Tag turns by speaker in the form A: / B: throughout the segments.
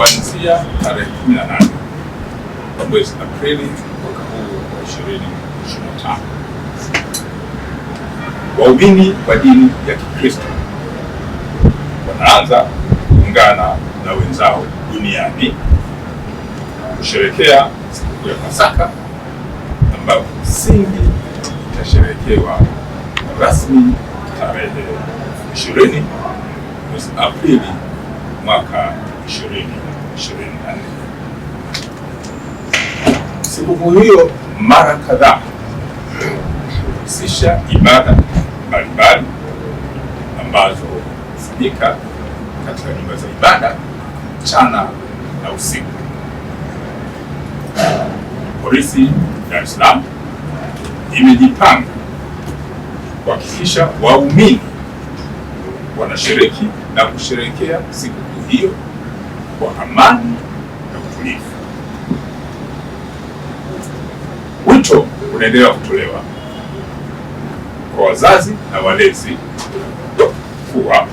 A: kuanzia tarehe 18 mwezi Aprili mwaka huu wa 2025. Waumini wa dini ya Kikristo wanaanza kuungana na wenzao duniani kusherekea sikukuu ya Pasaka ambayo msingi itasherekewa rasmi tarehe 20 mwezi Aprili mwaka ishirini 24. Sikukuu hiyo mara kadhaa husisha ibada mbalimbali ambazo hufanyika katika nyumba za ibada mchana na usiku. Polisi Dar es Salaam imejipanga kuhakikisha waumini wanashiriki na kusherekea sikukuu hiyo kwa amani na utulivu. Wito unaendelea kutolewa kwa wazazi na walezi kuwa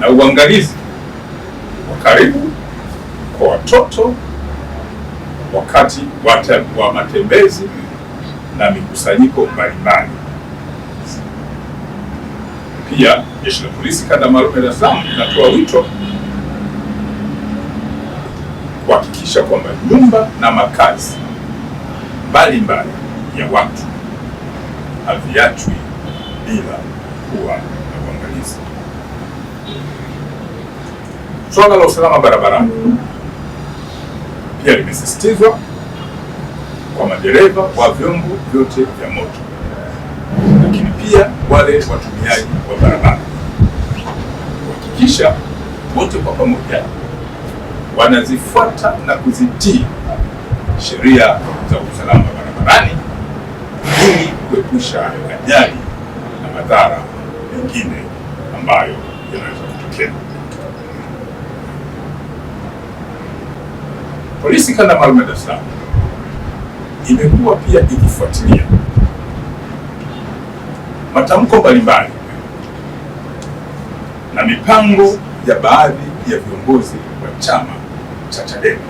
A: na uangalizi wa karibu kwa watoto wakati wa matembezi na mikusanyiko mbalimbali. Pia jeshi la polisi kanda maalum ya Dar es Salaam linatoa wito kuhakikisha kwamba nyumba na makazi mbalimbali ya watu haviachwi bila kuwa na uangalizi. Swala la usalama barabarani pia limesisitizwa kwa madereva wa vyombo vyote vya moto, lakini pia wale watumiaji wa barabara kuhakikisha wote kwa pamoja wanazifuata na kuzitii sheria za usalama barabarani ili kuepusha ajali na madhara mengine ambayo yanaweza kutokea. Polisi Kanda Maalum ya Dar es Salaam imekuwa pia ikifuatilia matamko mbalimbali na mipango ya baadhi ya viongozi wa chama cha Chadema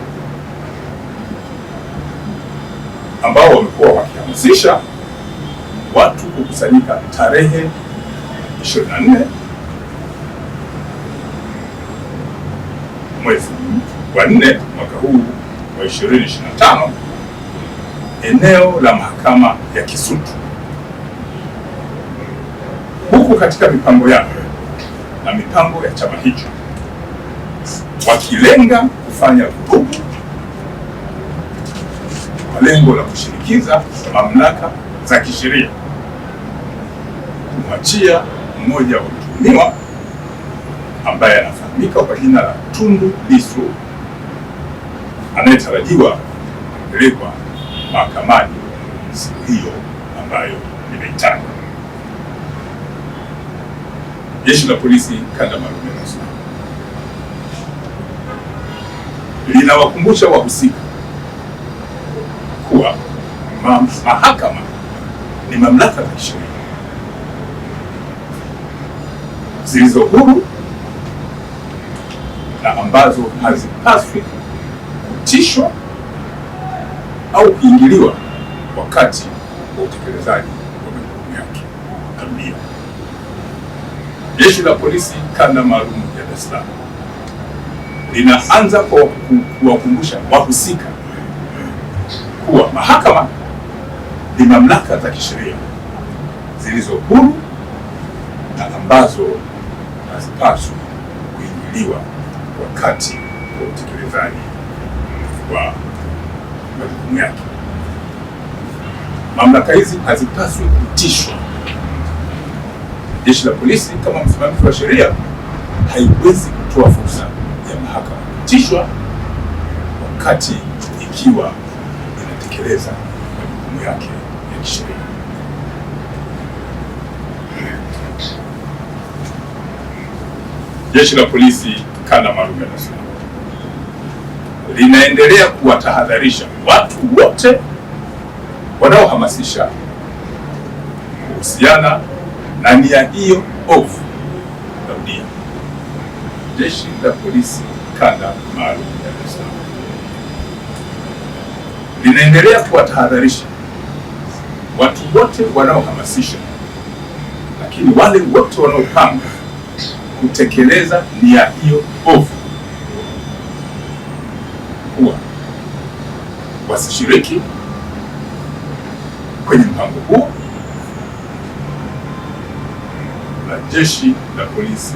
A: ambao wamekuwa wakihamasisha watu kukusanyika tarehe 24 mwezi wa 4 mwaka huu wa 2025 eneo la mahakama ya Kisutu, huku katika mipango yao na mipango ya chama hicho wakilenga kufanya vurugu kwa lengo la kushinikiza mamlaka za kisheria kumwachia mmoja wa mtuhumiwa ambaye anafahamika kwa jina la Tundu Lissu anayetarajiwa kupelekwa mahakamani siku hiyo ambayo nimeitaja. Jeshi la Polisi kanda maalum linawakumbusha wahusika kuwa ma mahakama ni mamlaka za kisheria zilizo huru na ambazo hazipaswi kutishwa au kuingiliwa wakati wa utekelezaji wa majukumu yake kamili. Jeshi la Polisi kanda maalum ya Dar es Salaam linaanza kwa kuwakumbusha wahusika kuwa mahakama ni mamlaka za kisheria zilizo huru na ambazo hazipaswi kuingiliwa wakati wa utekelezaji wa majukumu yake. Mamlaka hizi hazipaswi kutishwa. Jeshi la Polisi kama msimamizi wa sheria haiwezi kutoa fursa ya mahakama kupitishwa wakati ikiwa inatekeleza majukumu yake ya kisheria. Jeshi la Polisi Kanda Maalum ya Dar es Salaam linaendelea kuwatahadharisha watu wote wanaohamasisha kuhusiana na nia hiyo ovu. Narudia, Jeshi la Polisi kanda maalum ya Dar es Salaam. Ninaendelea kuwatahadharisha watu wote wanaohamasisha, lakini wale wote wanaopanga kutekeleza nia hiyo ovu kuwa wasishiriki kwenye mpango huu la jeshi la polisi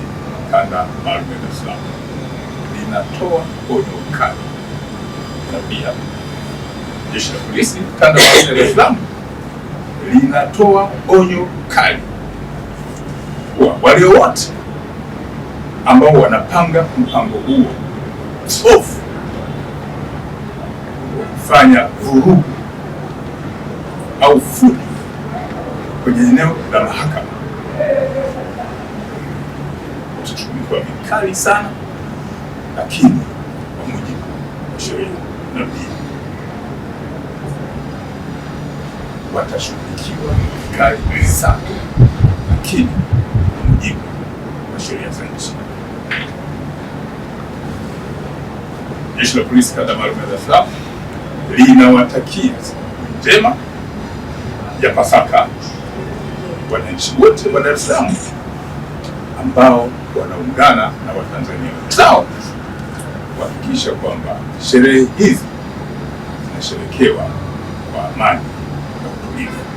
A: kanda maalum ya Dar es Salaam inatoa onyo kali na pia jeshi la polisi kanda ya Dar es Salaam linatoa onyo kali kwa wale wote ambao wanapanga mpango huo ofu wa kufanya vurugu au fujo kwenye eneo la mahakama, watachukuliwa vikali sana lakini kwa mujibu wa sheria na dini watashughulikiwa vikali sana, lakini kwa mujibu wa sheria za nchi. Jeshi la Polisi Kanda Maalum ya Dar es Salaam linawatakia sikukuu njema ya Pasaka wananchi wote wa Dar es Salaam ambao wanaungana na Watanzania wenzao kuhakikisha kwamba sherehe hizi zinasherekewa kwa amani na utulivu.